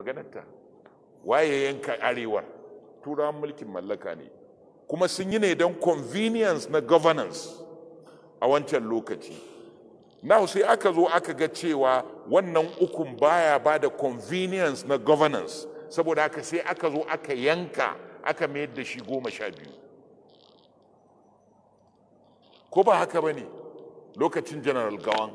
maganarta waye yanka arewar turawan mulkin mallaka ne kuma sun yi ne don convenience na governance a wancan lokaci now sai aka zo aka ga cewa wannan ukun baya ba da convenience na governance saboda haka sai aka zo aka yanka aka mayar da shi goma sha biyu ko ba haka ba ne lokacin general gawan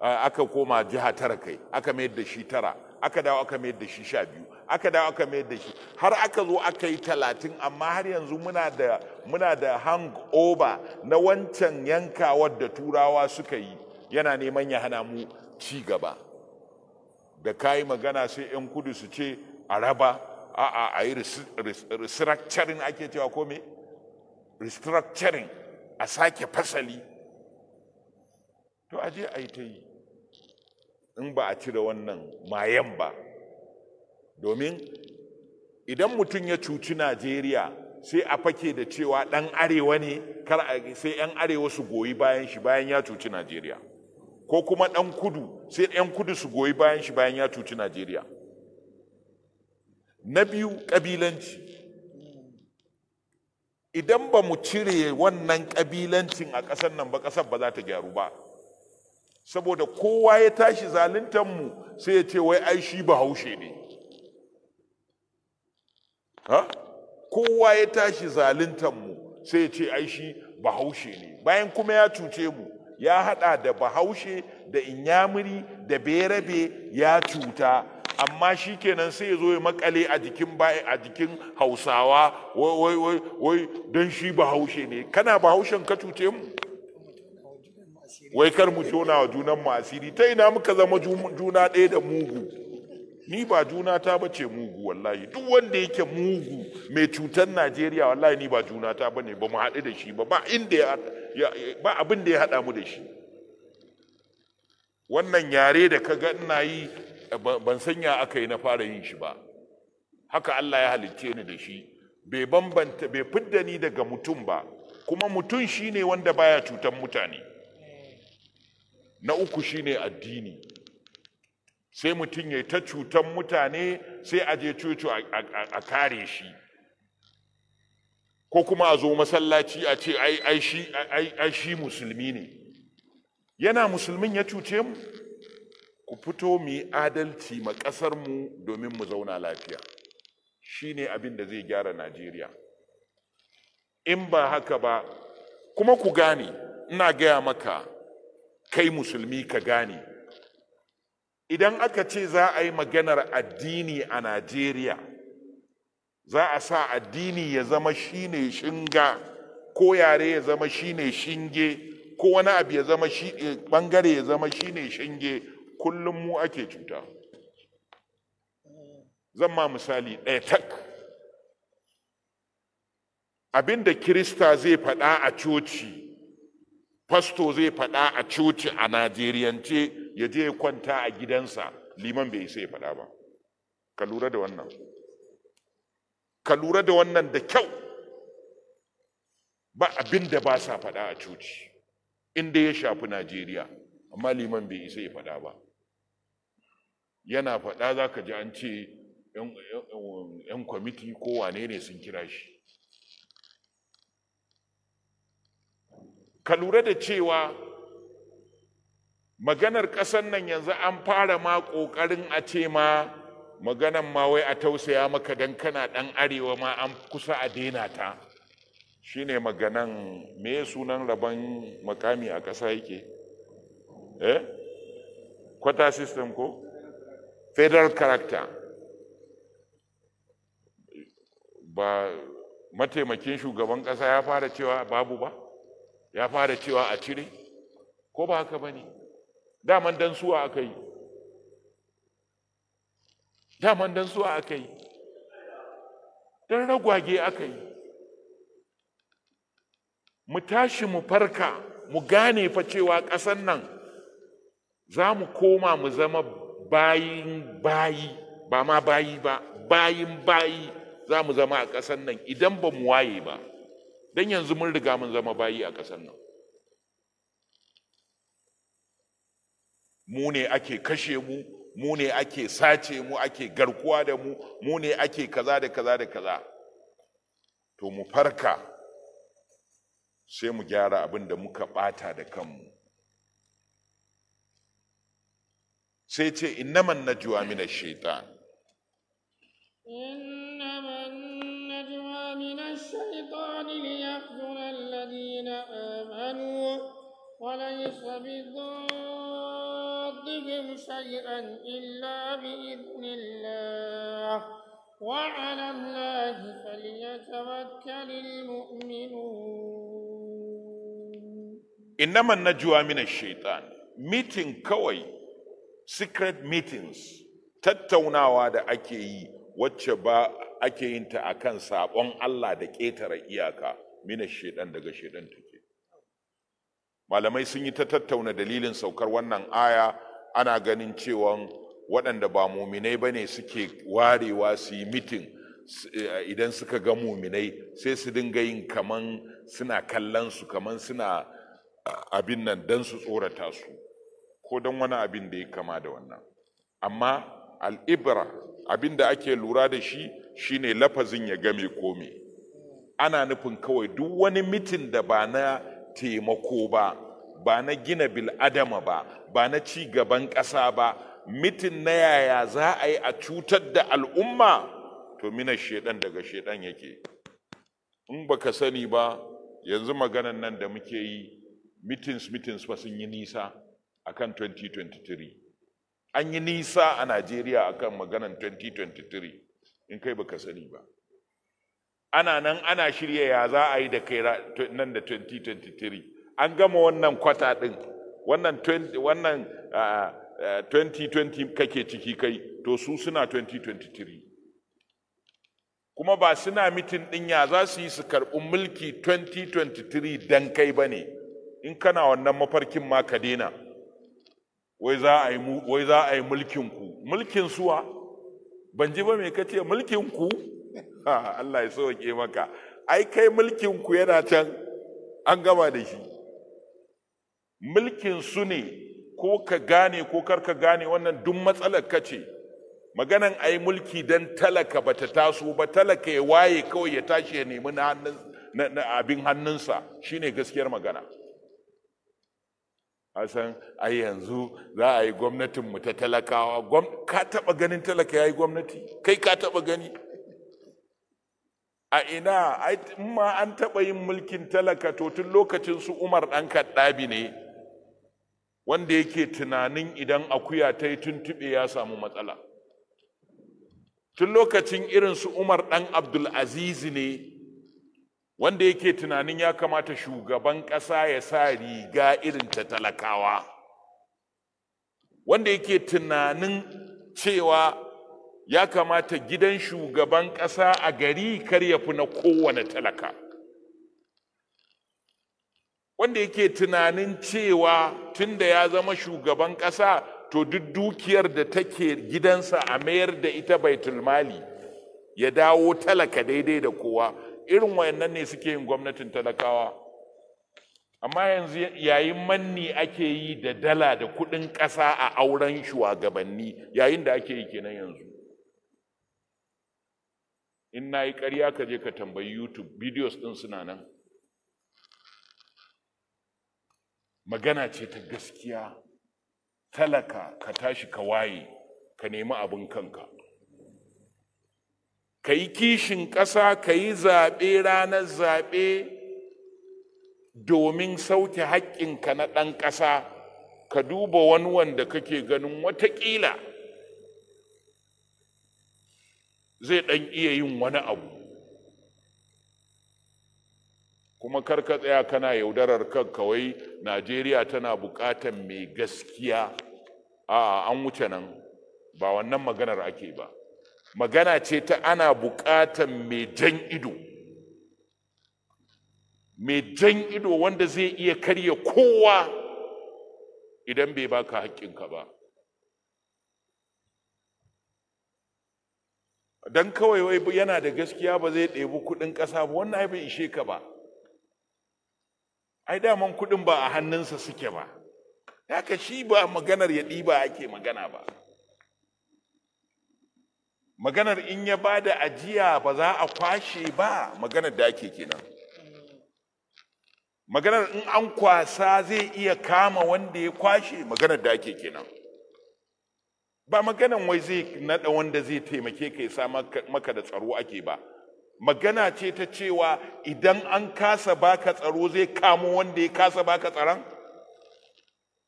aka koma jiha tara kai aka mayar da shi tara aka dawo aka mayar da shi sha biyu aka dawo aka mayar da shi har aka zo aka yi talatin amma har yanzu muna da muna da hang over na wancan yankawar da turawa suka yi yana neman ya hana mu ci gaba da kayi magana sai 'yan kudu su ce a raba a a yi restructuring ake cewa ko me restructuring a sake fasali to aje a yi ta yi in ba a cire wannan mayan ba domin idan mutum ya cuci najeriya sai a fake da cewa ɗan arewa ne kar sai 'yan arewa su goyi bayan shi bayan ya cuci najeriya ko kuma ɗan kudu sai 'yan kudu su goyi bayan shi bayan ya cuci najeriya na biyu ƙabilanci idan ba mu cire wannan ƙabilancin a ƙasar nan ba ƙasar ba za ta gyaru ba saboda kowa ya tashi zaluntan mu sai ya ce wai ai shi bahaushe ne ha kowa ya tashi zaluntan mu sai ya ce ai shi bahaushe ne bayan kuma ya cuce mu ya hada da bahaushe da inyamuri da berabe ya cuta amma shi kenan sai ya zo ya makale a jikin a jikin hausawa wai wai wai don shi bahaushe ne kana bahaushen ka cuce mu wai kar mu tona wa junan mu asiri ta ina muka zama juna ɗaya da mugu ni ba juna ta bace mugu wallahi duk wanda yake mugu mai cutar Najeriya wallahi ni ba juna ta bane ba mu haɗu da shi ba ba inda ya abin da ya haɗa mu da shi wannan yare da ka ga ina yi ban sanya aka yi na fara yin shi ba haka Allah ya halicce ni da shi bai bambanta bai fidda ni daga mutum ba kuma mutum shine wanda baya cutar mutane na uku shine addini sai mutum ya ta cutan mutane sai a je coci a kare shi ko kuma a zo masallaci a ce ai shi musulmi ne yana musulmin ya cuce mu ku fito mu adalci ma mu domin mu zauna lafiya shi ne abin da zai gyara najeriya in ba haka ba kuma ku gane ina gaya maka kai musulmi ka gane idan aka ce za a yi maganar addini a najeriya za a sa addini ya zama shine shinga ko yare ya zama shine shinge ko wani abu ya zama shi bangare eh, ya zama shine shinge kullum mu ake cuta zan ma misali ɗaya tak abin da kirista zai faɗa a coci fasto zai faɗa a coci a najeriyance ya je kwanta a gidansa liman bai sai faɗa ba ka lura da wannan ka lura da wannan da kyau ba abin da ba sa faɗa a coci inda ya shafi najeriya amma liman bai isa ya faɗa ba yana faɗa za ka ji an ce 'yan kwamiti ko wane ne sun kira shi ka lura da cewa maganar ƙasar nan yanzu an fara ma ƙoƙarin a ce ma maganar ma wai a tausaya maka don kana ɗan arewa ma an kusa a daina ta Shi ne maganan me sunan rabon makami a ƙasa yake eh kwata system ko federal character ba mataimakin shugaban ƙasa ya fara cewa babu ba ya fara cewa a cire ko ba haka ba ne daman dan suwa aka yi daman dan suwa aka yi dan ragwage aka yi mu tashi mu farka mu gane fa cewa ƙasan nan za mu koma mu zama bayin bayi ba ma bayi ba bayin bayi za mu zama a ƙasan nan idan ba mu waye ba don yanzu mun riga mun zama bayi a ƙasar nan mu ne ake kashe mu mu ne ake sace mu ake garkuwa da mu mu ne ake kaza da kaza da kaza to mu farka sai mu gyara abin da muka ɓata da kanmu sai ce innaman najwa min ash-shaytan وليس بضادهم شيئا إلا بإذن الله وعلى الله فليتوكل المؤمنون إنما النجوى من الشيطان meeting kawai secret meetings tattaunawa da ake yi wacce ba ake yin akan sabon Allah da ƙetare iyaka mina shedan daga shedan take malamai sun yi ta tattauna dalilin saukar wannan aya ana ganin cewa waɗanda ba muminai ba ne suke warewa su yi mitin eh, idan suka ga muminai sai su dinga yin kaman suna kallon su kaman suna eh, abin nan don su tsorata su ko don wani abin da ya kama da wannan amma al'ibra abin da ake lura da shi shine lafazin ya game kome ana nufin kawai duk wani mitin da ba na taimako ba ba na gina bil'adama ba ba na ci gaban ƙasa ba mitin na yaya za a yi a cutar da al'umma to mina shedan daga shedan yake in ba ka sani ba yanzu maganan nan da muke yi mitins-mitins ba sun yi nisa a kan 2023 an yi nisa a Najeriya a kan maganan 2023 in kai ba ka sani ba ana nan ana shirya ya za a yi da kai nan da 2023 an gama wannan kwata ɗin wannan 2020 kake ciki kai to su suna 2023 kuma ba suna mitin ɗinya ya za su yi su karɓi mulki 2023 dan kai ba ne in kana wannan mafarkin ma ka daina wai za a yi mulkinku mulkin suwa ban ji ba me kace mulkinku mulkin ku Allah ya sauke maka ai kai mulkin ku yana can an gama da shi mulkin su ne ko ka gane ko kar ka gane wannan duk matsalar ka ce maganan ai mulki dan talaka bata taso ba talaka ya waye kawai ya tashi ya nemi na abin hannunsa shine gaskiyar magana san ai yanzu za a yi gwamnatin mu ta talakawa ka taba ganin talaka ya yi gwamnati kai ka taba gani a ina in ma an taɓa yin mulkin talaka to tun lokacin su umar ɗan kaɗabi ne wanda yake tunanin idan akuya ta yi tuntuɓe ya samu matsala tun lokacin irin su umar ɗan abdulaziz ne wanda yake tunanin ya kamata shugaban ƙasa ya sa riga irin ta talakawa wanda yake tunanin cewa ya kamata gidan shugaban ƙasa a gari kar ya fi na kowane talaka wanda yake tunanin cewa tun da ya zama shugaban ƙasa to duk dukiyar da take gidansa a mayar da ita bai tulmali ya dawo talaka daidai da kowa irin wayannan ne suke yin gwamnatin talakawa amma yanzu yayin manni ake yi da dala da kuɗin ƙasa a auren shugabanni yayin da ake yi kenan yanzu in na yi ƙarya ka je ka tambayi youtube videos ɗin suna nan magana ce ta gaskiya talaka ka tashi ka waye ka nemi abin kanka ka yi kishin ƙasa ka yi zaɓe ranar zaɓe domin sauke haƙƙinka na ɗan ƙasa ka duba wani wanda kake ganin watakila zai ɗan iya yin wani abu kuma kar ka tsaya kana yaudarar kan kawai najeriya tana buƙatar mai gaskiya a an wuce nan ba wannan maganar ake ba magana ce ta ana buƙatar mai jan ido mai jan ido wanda zai iya karya kowa idan bai baka haƙƙinka ba Don kawai wai yana da gaskiya ba zai ɗebi kuɗin ƙasa ba wannan ai bai ishe ka ba ai daman kuɗin ba a hannunsa suke ba haka shi ba maganar ya ɗiba ake magana ba maganar in ya ba da ajiya ba za a kwashe ba maganar da ake kenan maganar in an kwasa zai iya kama wanda ya kwashe maganar da ake kenan ba maganan wai zai naɗa wanda zai taimake ka ya sa maka da tsaro ake ba magana ce ta cewa idan an kasa baka tsaro zai kamo wanda ya kasa baka tsaron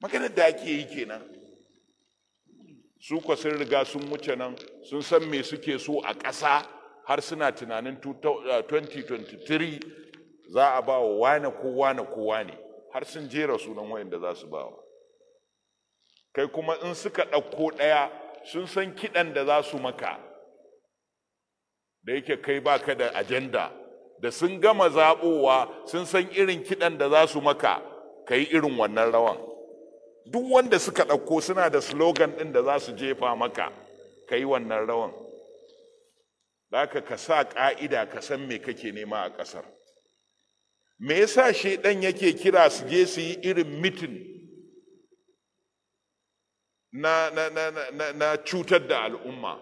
maganar da ake yi kenan su kwa sun riga sun wuce nan sun san me suke so a ƙasa har suna tunanin 2023 uh, za a ba wa wane ko wane ko wane har sun jera sunan wayanda za su ba kai kuma in suka ɗauko ɗaya sun san kiɗan da za su maka da yake kai baka da ajanda da sun gama zaɓowa sun san irin kiɗan da za su maka ka yi irin wannan rawan duk wanda suka ɗauko suna da slogan ɗin da za su jefa maka ka yi wannan rawan Za ka sa ƙa'ida ka san me kake nema a ƙasar me yasa shaidan yake kira su je su yi irin mitin na, na, na, na, na cutar da al'umma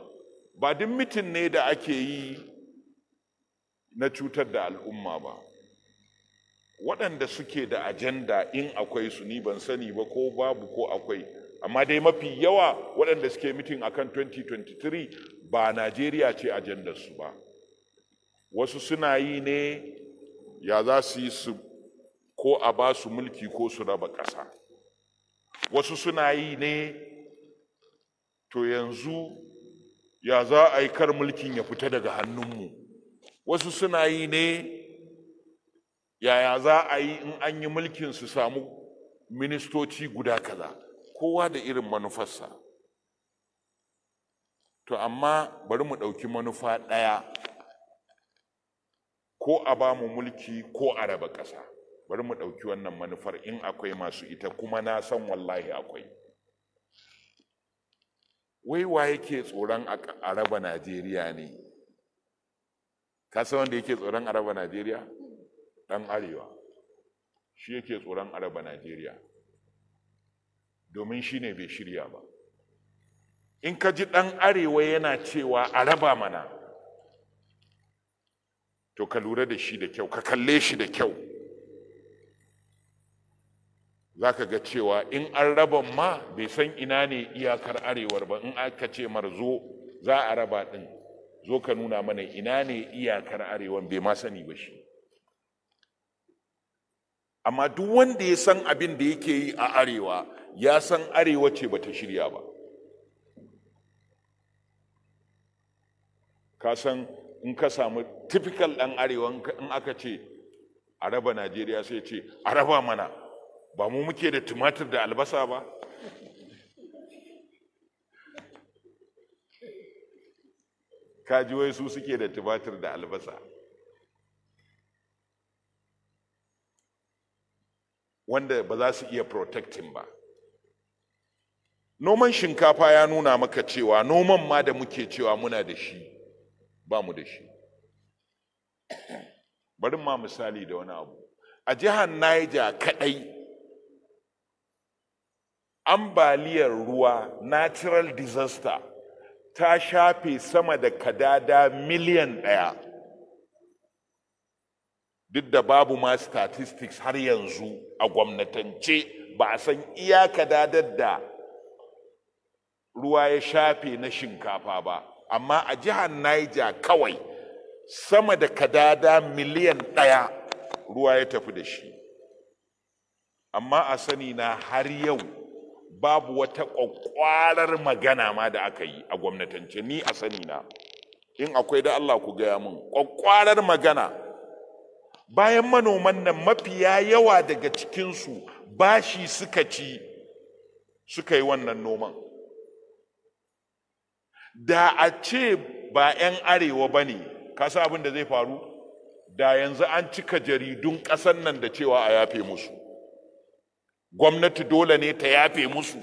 ba duk mitin ne da ake yi na cutar da al'umma ba waɗanda suke da ajanda in akwai su ni ban sani ba ko babu ko akwai amma dai mafi yawa waɗanda suke mitin akan 2023 ba najeriya ce su ba wasu suna yi ne ya za su yi su ko a ba su mulki ko su raba ƙasa wasu suna yi ne to yanzu ya za a yi kar mulkin ya fita daga hannunmu wasu suna yi ne yaya za a yi in an yi mulkin su samu ministoci guda kaza kowa da irin manufarsa to amma bari mu ɗauki manufa ɗaya ko a ba mu mulki ko a raba ƙasa bari mu ɗauki wannan manufar in akwai masu ita kuma na san wallahi akwai wai wa yake tsoron a raba najeriya ne ka san wanda yake tsoron a raba najeriya dan arewa shi yake tsoron a raba najeriya domin shi ne bai shirya ba in ka ji ɗan arewa yana cewa a raba mana to ka lura da shi da kyau ka kalle shi da kyau za ka ga cewa in an raba ma bai san ina ne iyakar arewar ba in aka ce mar zo za a raba ɗin zo ka nuna mana ina ne iyakar arewar. bai ma sani ba shi amma duk wanda ya san abin da yake yi a arewa ya san arewa ce ba ta shirya ba ka san in ka samu typical ɗan arewa in aka ce a raba najeriya sai ce a raba mana ba mu muke da tumatir da albasa ba kaji wai su suke da tumatir da albasa wanda ba za su iya protecting ba noman shinkafa ya nuna maka cewa noman ma da muke cewa muna da shi ba mu da shi bari ma misali da wani abu a jihar niger kaɗai ambaliyar ruwa natural disaster ta shafe sama da kadada miliyan ɗaya duk da babu ma statistics har yanzu a gwamnatance ba a san iya kadadar da ruwa ya shafe na shinkafa ba amma a jihar niger kawai sama da kadada miliyan ɗaya ruwa ya tafi da shi amma a sani na har yau babu wata ƙwaƙwarar magana ma da aka yi a gwamnatance ni a sani na in akwai da Allah ku gaya min ƙwaƙwarar magana bayan manoman nan mafiya yawa daga cikinsu bashi suka ci suka yi wannan noman da a ce ba 'yan arewa ba ne kasa abin da zai faru da yanzu an cika jaridun ƙasan nan da cewa a yafe musu gwamnati dole ne ta yafe musu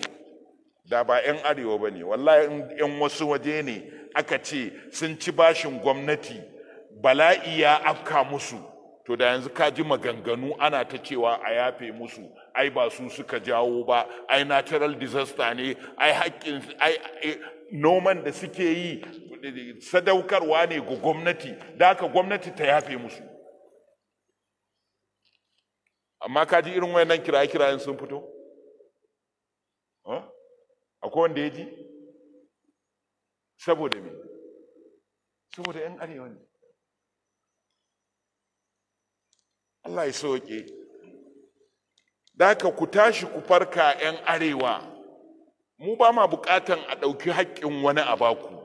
da ba 'yan arewa ba ne wallahi 'yan wasu waje ne aka ce sun ci bashin gwamnati bala'i ya afka musu to da yanzu ka ji maganganu ana ta cewa a yafe musu ai ba su suka jawo ba ai natural disaster ne ai haƙƙin ai noman da suke yi sadaukarwa ne ga gwamnati da haka gwamnati ta yafe musu amma ka ji irin wayannan kiraye-kirayen sun fito akwai wanda ya ji saboda me saboda 'yan arewa ne Allah ya soke daka ku tashi ku farka 'yan arewa mu ba ma bukatan a ɗauki haƙƙin wani a baku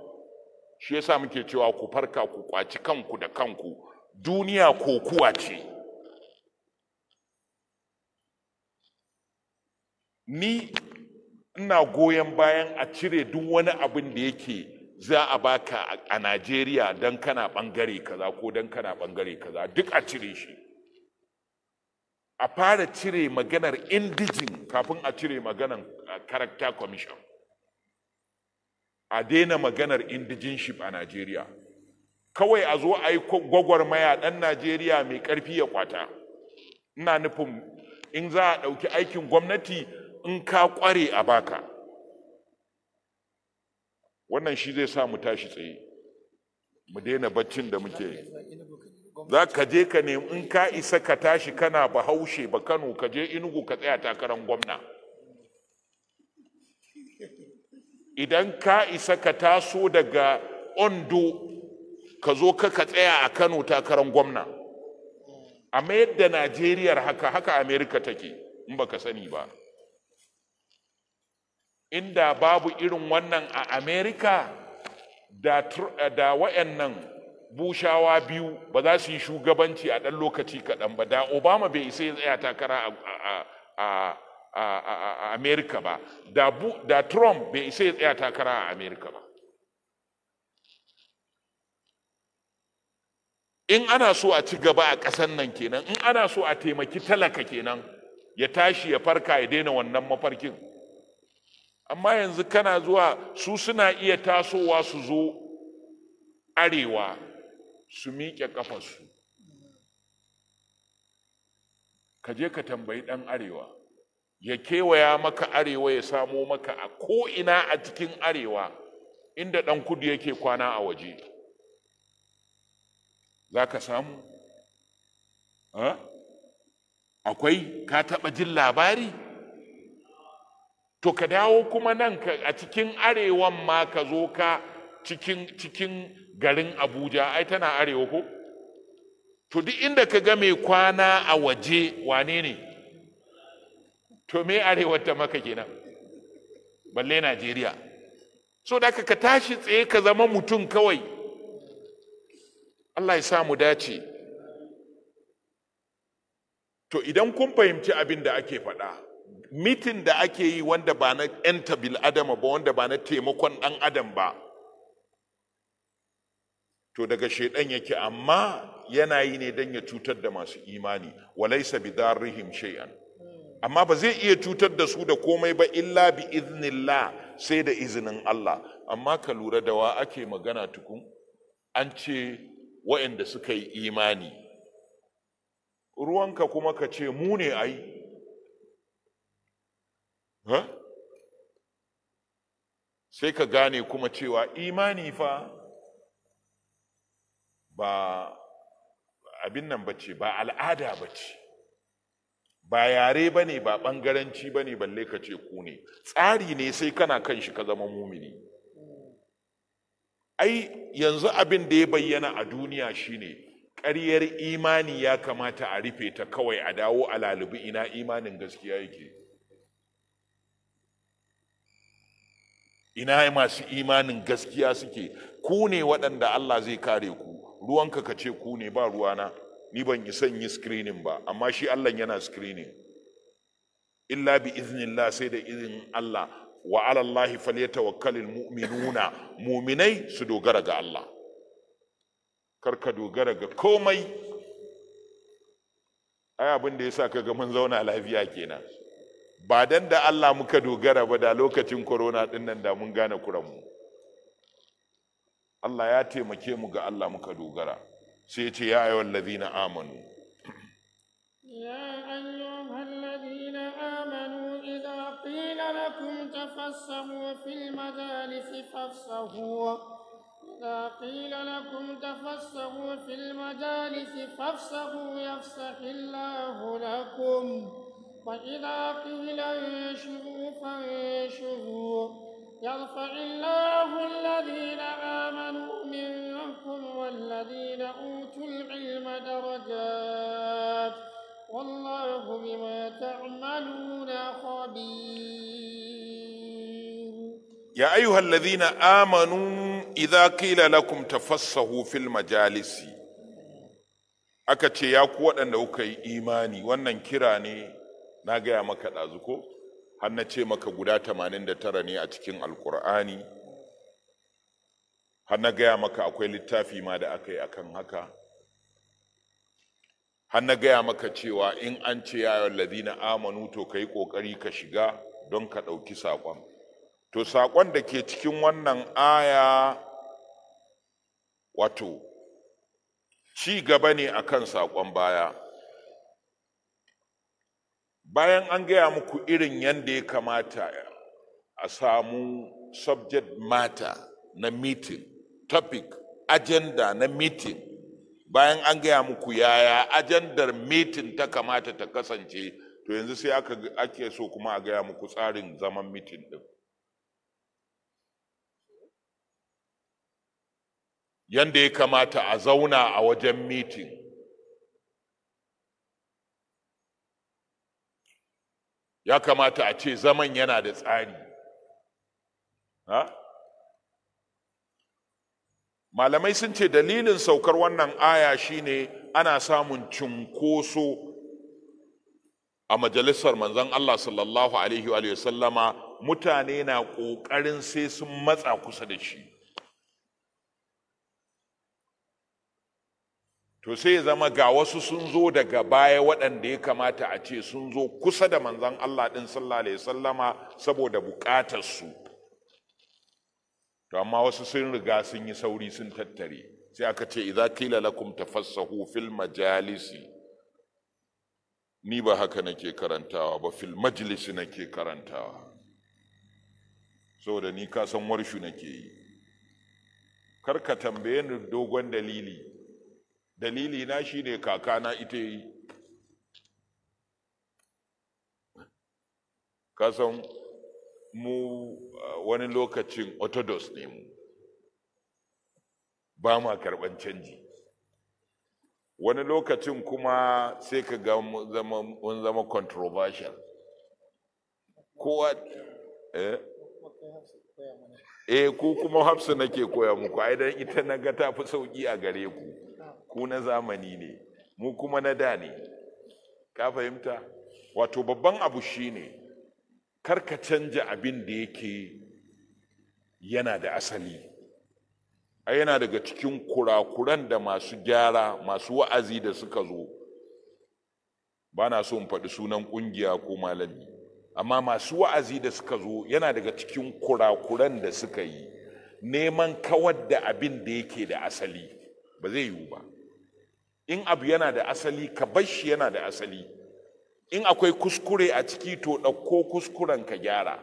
shi yasa muke cewa ku farka ku kwaci kanku da kanku duniya kokuwa ce ni ina goyon bayan a cire duk wani abin da yake za a baka a Najeriya don kana bangare kaza ko don kana bangare kaza duk a cire shi a fara cire maganar indijin kafin a cire maganar character commission a daina maganar indigenship a Najeriya kawai a zo a yi gwagwarmaya ɗan Najeriya mai ƙarfi ya kwata ina nufin in za a ɗauki aikin gwamnati in ka ƙware a baka wannan shi zai sa mu tashi tsaye mu daina baccin da muke za ka je ka nemi in ka isa ka tashi kana bahaushe ba kano ka je inugu ka tsaya takarar gwamna idan ka isa ka taso daga ondo ka zo ka ka tsaya a kano takarar gwamna amma yadda Najeriya haka haka amerika take in baka sani ba inda babu irin wannan a Amerika, da, da wa'annan bushawa biyu ba za su yi shugabanci a ɗan lokaci kaɗan ba da obama bai isa ya tsaya takara a, a, amerika ba da, da trump bai isa ya tsaya takara a Amerika ba in ana so a ci gaba a ƙasan nan kenan in ana so a taimaki talaka kenan ya tashi ya farka ya daina wannan mafarkin amma yanzu kana zuwa su suna iya tasowa su zo arewa su miƙe ƙafarsu ka je ka tambayi ɗan arewa ya kewaya maka arewa ya samo maka a ko'ina a cikin arewa inda ɗan kudu yake kwana a waje za ka samu akwai ka taɓa jin labari to ka dawo kuma nan ka a cikin arewan ma ka zo ka cikin garin abuja ai tana arewa ko to duk inda ka ga mai kwana a waje wane ne to me arewar ta maka kenan balle najeriya so da ka tashi tsaye ka zama mutum kawai allah ya sa mu dace to idan kun fahimci abin da ake faɗa mitin da ake yi wanda ba na 'yanta bil adama ba wanda ba na taimakon ɗan adam ba to daga shaidan yake amma yana yi ne don ya cutar da masu imani walaisa bi darrihim shay'an amma ba zai iya cutar da su da komai ba illa bi iznillah sai da izinin Allah amma ka lura da wa ake magana tukun an ce waɗanda suka yi imani ruwanka kuma ka ce mu ne ai sai ka gane kuma cewa imani fa ba abin nan ba ce ba al'ada ba ce ba yare ba ne ba ɓangaranci ba ne balle ka ce ku ne tsari ne sai kana kan shi ka zama mumini ai yanzu abin da ya bayyana a duniya shine ƙaryar imani ya kamata a rufe ta kawai a dawo a lalubi ina imanin gaskiya yake ina masu imanin gaskiya suke ku ne waɗanda Allah zai kare ku ruwanka ka ce ku ne ba ruwana ni ban yi son yi screening ba amma shi Allah yana screening illa bi iznillah sai da izinin Allah wa ala Allah falyatawakkalul mu'minuna mu'minai su dogara ga Allah kar ka dogara ga komai ai abin da yasa kaga mun zauna lafiya kenan ba dan da Allah muka dogara ba da lokacin corona din nan da mun gane kuranmu Allah ya taimake mu ga Allah muka dogara sai ya ce ya ayyuhal ladina amanu ya ayyuhal ladina amanu idza qila lakum tafassahu fil majalisi fafsahu إذا قيل لكم تفسحوا في المجالس فافسحوا يفسح الله لكم وإذا قيل انشروا فانشروا يرفع الله الذين آمنوا منكم والذين أوتوا العلم درجات والله بما تعملون خبير يا أيها الذين آمنوا إذا قيل لكم تفسهوا في المجالس أكتشي ce ya ku waɗanda kuka yi imani wannan kira ne na gaya maka ɗazu ko har na ce maka guda 89 ne a cikin alkur'ani har gaya maka akwai littafi ma da aka yi akan haka har na gaya maka cewa in an ce yayon ladina amanu to ka yi ƙoƙari ka shiga don ka ɗauki saƙon to saƙon da ke cikin wannan aya wato ci gaba ne akan saƙon baya bayan an gaya muku irin yadda ya kamata a samu subject matter na meeting topic agenda na meeting bayan an gaya muku yaya ajandar meeting ta kamata ta kasance to yanzu sai aka ake so kuma a gaya muku tsarin zaman meeting din Yadda ya kamata a zauna a wajen meeting ya kamata a ce zaman yana da tsari malamai sun ce dalilin saukar wannan aya shine ana samun cunkoso a majalisar manzon Allah sallallahu alaihi wa sallama mutane na kokarin sai sun matsa kusa da shi to sai ya zama ga wasu sun zo daga baya waɗanda ya kamata a ce sun zo kusa da manzan Allah ɗin sallallahu alaihi sallama saboda buƙatarsu to amma wasu sun riga sun yi sauri sun tattare sai aka ce idza qila lakum tafassahu fil majalisi ni ba haka nake karantawa ba fil majlisi nake karantawa saboda ni ka san warshu nake yi kar ka tambaye ni dogon dalili dalili na shine kakana ita yi kasan mu wani lokacin orthodox ne mu ba ma karban canji wani lokacin kuma sai ka ga mun zama controversial kowa eh? eh ku kuma hafsa nake koya muku idan ita na ga fi sauki a gare ku ku na zamani ne mu kuma na da ne ka fahimta wato babban abu shi shine karka canja abin da yake yana da asali a yana daga cikin kurakuran da masu gyara masu wa'azi da suka zo ba na so faɗi sunan ƙungiya ko malami amma masu wa'azi da suka zo yana daga cikin kurakuran da suka yi neman kawar da abin da yake da asali ba zai yiwu ba in abu yana da asali ka bar shi yana da asali in akwai kuskure a ciki to ɗauko kuskuren ka gyara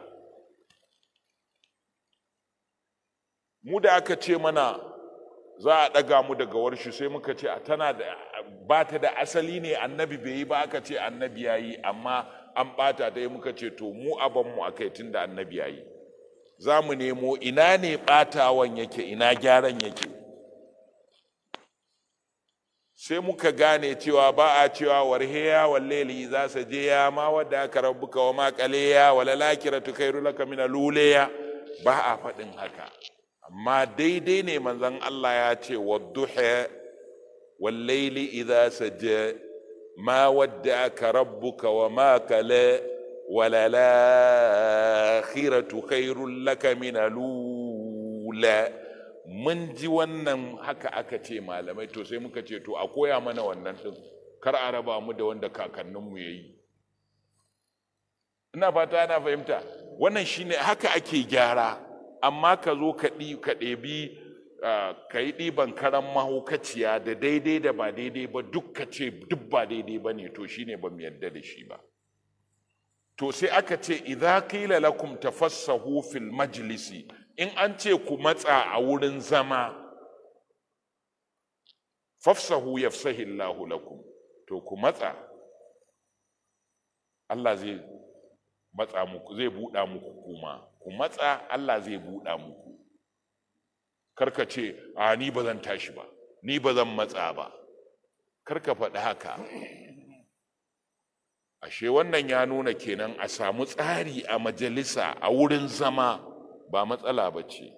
mu da aka ce mana za a ɗaga mu daga warshi sai muka ce tana da ba ta da asali ne annabi bai yi ba aka ce annabi ya yi amma an ɓata ta yi muka ce to mu abanmu a kai tun da annabi ya yi za mu nemo ina ne ɓatawan yake ina gyaran yake sai muka gane cewa ba a cewa warhiya walleli za su je ya ma wadda aka rabbuka wa makaleya wala lakira tu kairu laka min ya ba a faɗin haka amma daidai ne manzon Allah ya ce wa wadduha wallaili idza je ma wadda aka rabbuka wa makala wala lakhiratu khairul laka min alula mun ji wannan haka aka ce malamai to sai muka ce to a koya mana wannan din kar a raba mu da wanda kakanninmu ya yi ina fata ana fahimta wannan shine haka ake gyara amma ka zo ka ɗebi ka yi ɗiban karan mahaukaciya da daidai da ba daidai ba duk ka ce duk ba daidai ba ne to shine ba mu yarda da shi ba to sai aka ce idza qila lakum tafassahu fil majlisi in an ce ku matsa a wurin zama fafsahu yafsahillahu lakum to ku matsa Allah zai matsa muku zai buɗa muku kuma ku matsa Allah zai buɗa muku karka ce a ni ba zan tashi ba ni ba zan matsa ba karka faɗi haka ashe wannan ya nuna kenan a samu tsari a majalisa a wurin zama ba matsala ba ce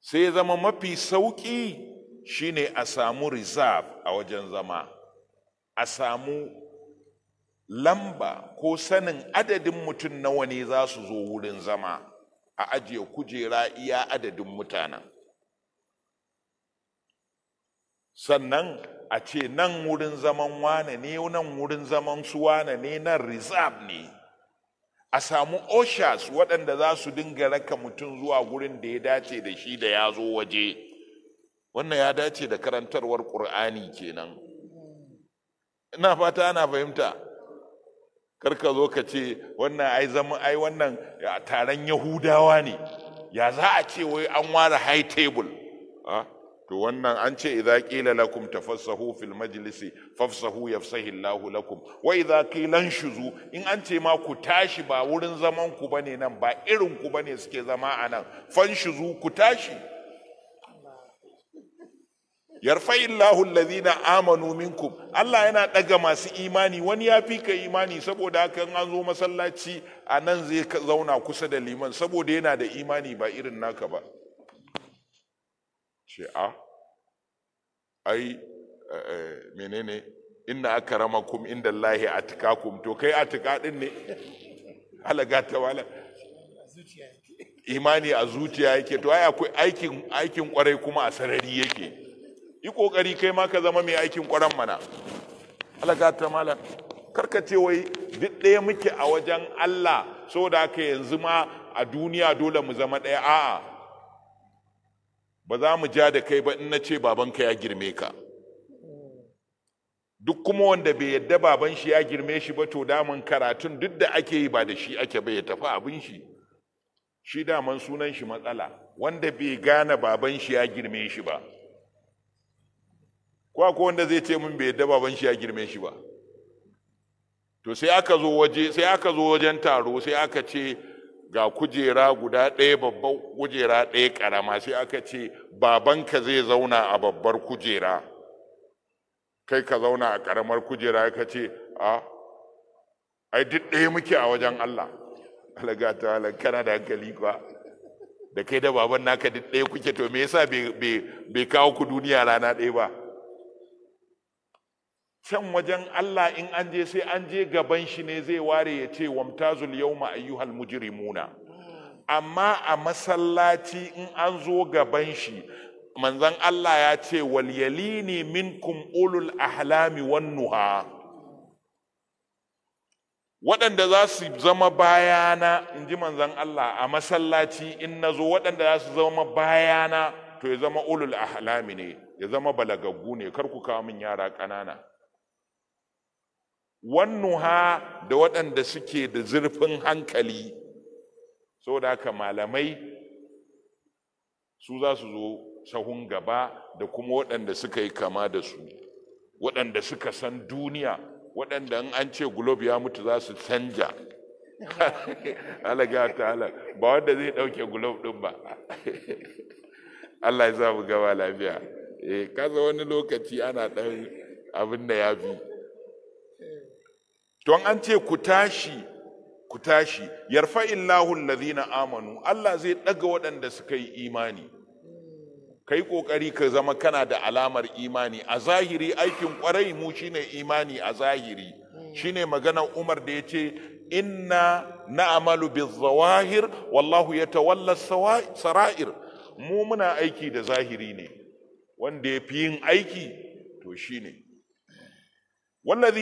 sai zama mafi sauƙi shine a samu reserve a wajen zama a samu lamba ko sanin adadin mutum nawa ne za su zo wurin zama a ajiye kujera iya adadin mutanen sannan a ce nan wurin zaman wane ne nan wurin zaman su wane ne nan reserve ne a samu oshas waɗanda za su dinga raka mutum zuwa gurin da ya dace da shi da ya zo waje wannan ya dace da karantarwar ƙur'ani kenan ina fata ana fahimta karka zo ka ce wannan ai zama ai wannan taron yahudawa ne ya za a ce wai an ware high table ah? to wannan an ce idza qila lakum tafassahu fil majlisi fafsahu yafsahi Allahu lakum wa idza qila shuzu in an ce ma ku tashi ba wurin zaman ku bane nan ba irin ku bane suke zama a nan fanshuzu ku tashi yarfai Allahu alladhina amanu minkum Allah yana daga masu imani wani ya fi ka imani saboda haka an zo masallaci a nan zai zauna kusa da liman saboda yana da imani ba irin naka ba ce a ah, ai eh, eh, menene inna akramakum inda Allahi atikakum to kai a atika din ne Halagata ta wala imani a zuciya yake to ai akwai aikin aikin kwarai kuma a sarari yake yi kokari kai ma ka zama mai aikin kwaran mana alaga ta mala karkace wai duk ɗaya muke a wajen Allah saboda ka yanzu ma a duniya dole mu zama ɗaya a'a ba za mu ja da kai ba in na ce babanka ya girme ka duk kuma wanda bai yadda baban shi ya girme shi ba to damun karatun duk da ake yi ba da shi ake bai tafi abin shi shi daman sunan shi matsala wanda bai gane baban shi ya girme shi ba kwa ko wanda zai ce min bai yadda baban shi ya girme shi ba to sai aka zo waje sai aka zo wajen taro sai aka ce ga kujera guda ɗaya babban kujera ɗaya ƙarama sai aka ce babanka zai zauna a babbar kujera kai ka zauna a ƙaramar kujera aka ce a ai duk ɗaya muke a wajen Allah alaga ta kana da hankali kuwa da kai da baban naka duk ɗaya kuke to me yasa bai kawo ku duniya rana ɗaya ba can wajen Allah in an je sai an je gaban shi ne zai ware ya ce wamtazul yawma ayyuhal mujrimuna amma a masallaci in an zo gaban shi manzon Allah ya ce walyalini minkum ulul ahlami wan nuha waɗanda za su zama bayana in ji manzon Allah a masallaci in na zo waɗanda za su zama bayana to ya zama ulul ahlami ne ya zama balagaggu ne kar ku kawo min yara ƙanana wannuha da waɗanda suke da zurfin hankali da haka malamai su za su zo sahun gaba da kuma waɗanda suka yi kama da su waɗanda suka san duniya waɗanda in an ce gulob ya mutu za su canja alaga ala. ba wanda zai ɗauke gulob ɗin ba Allah ya za mu gaba lafiya eh kaza wani lokaci ana ɗan abin da ya fi don an ce ku tashi ku tashi yarfa illahu ladina amanu Allah zai daga waɗanda suka yi imani kai ƙoƙari ka zama kana da alamar imani a zahiri aikin kwarai mu shine imani a zahiri shine maganar Umar da ya yace inna na'malu bizawahir wallahu yatawalla sara'ir mu muna aiki da zahiri ne wanda ya fi yin aiki to shine ne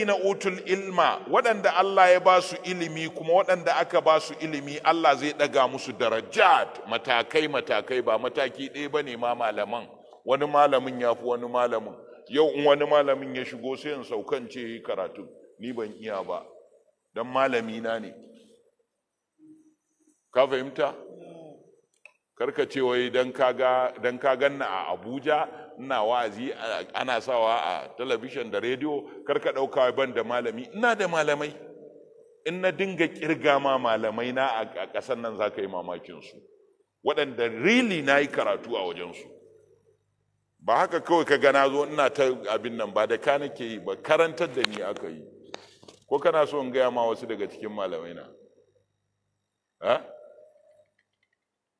na utul ilma waɗanda Allah ya ba su ilimi kuma waɗanda aka ba su ilimi Allah zai ɗaga musu darajat matakai matakai ba mataki ɗaya ba ne ma malaman wani malamin ya fi wani malamin yau in wani malamin ya shigo sai in saukan ce yi karatu ni ban iya ba don malami na ne ka fahimta karka ce wai don ka ganna a abuja ina wazi, ana sawa a talabishin da rediyo karka ɗauka ban da malami ina da malamai in dinga kirga ma malamai na a ƙasar nan za ka yi su. waɗanda rili na yi karatu a wajen su. ba haka kawai ka gana zo ina ta abin nan ba da ka nake yi ba karantar da ni aka yi ko kana so in gaya ma wasu daga cikin malamai na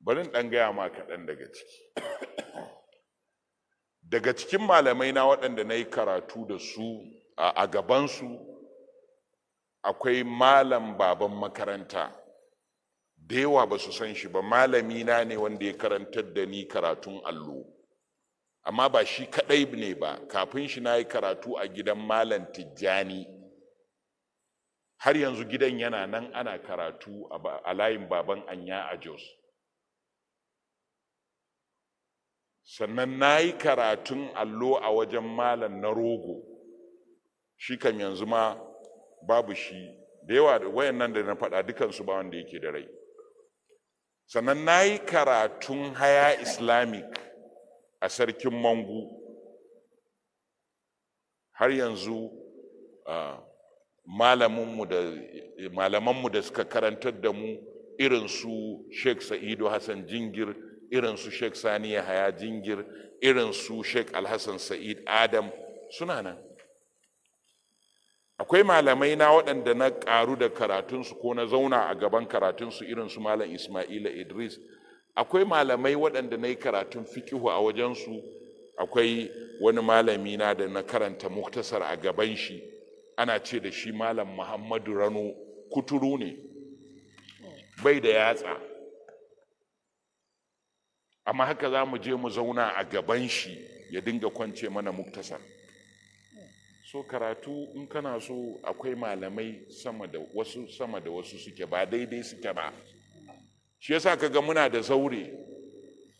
bari in ɗan gaya ma kaɗan daga ciki daga cikin malamai na waɗanda na yi karatu da su a gabansu akwai malam baban makaranta da yawa ba su san shi ba malami na ne wanda ya karantar da ni karatun allo amma ba shi kaɗai ne ba kafin shi na yi karatu a gidan malam tijjani har yanzu gidan yana nan ana karatu a layin baban anya a jos sannan na yi karatun allo a wajen malam na rogo shi kam yanzu ma babu shi da yawa da wayan nan da na faɗa dukansu ba wanda yake da rai sannan na yi karatun haya islamic a sarkin mangu har yanzu malamanmu da suka karantar da mu irinsu su sheikh sa'idu hassan jingir irin su Sheikh Sani Yahaya Jingir irin su Sheikh Alhassan Sa'id Adam suna nan akwai malamai na waɗanda na ƙaru da karatunsu ko na zauna a gaban karatunsu irin su malam Ismaila Idris akwai malamai waɗanda na yi karatun fikihu a wajensu akwai wani malami na da na karanta muktasar a gaban shi ana ce da shi malam Muhammadu Rano kuturu ne bai da yatsa amma haka za mu je mu zauna a gaban shi ya dinga kwance mana muktasar so karatu in kana so akwai malamai sama da wasu sama da wasu suke ba daidai suke ba shi yasa ga muna da zaure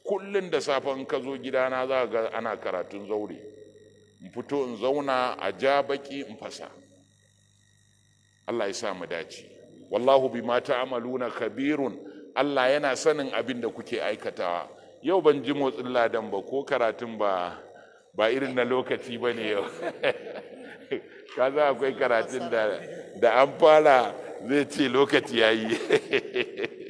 kullum da safe in ka zo gidana za ga ana karatun zaure in fito in zauna a ja baki in fasa Allah ya sa mu dace wallahu bima ta'maluna kabirun Allah yana sanin abin da kuke aikatawa yau ban ji motsin ladan ba ko karatun ba ba irin na lokaci ba ne yau ka za akwai karatun da an fara zai ce lokaci ya yi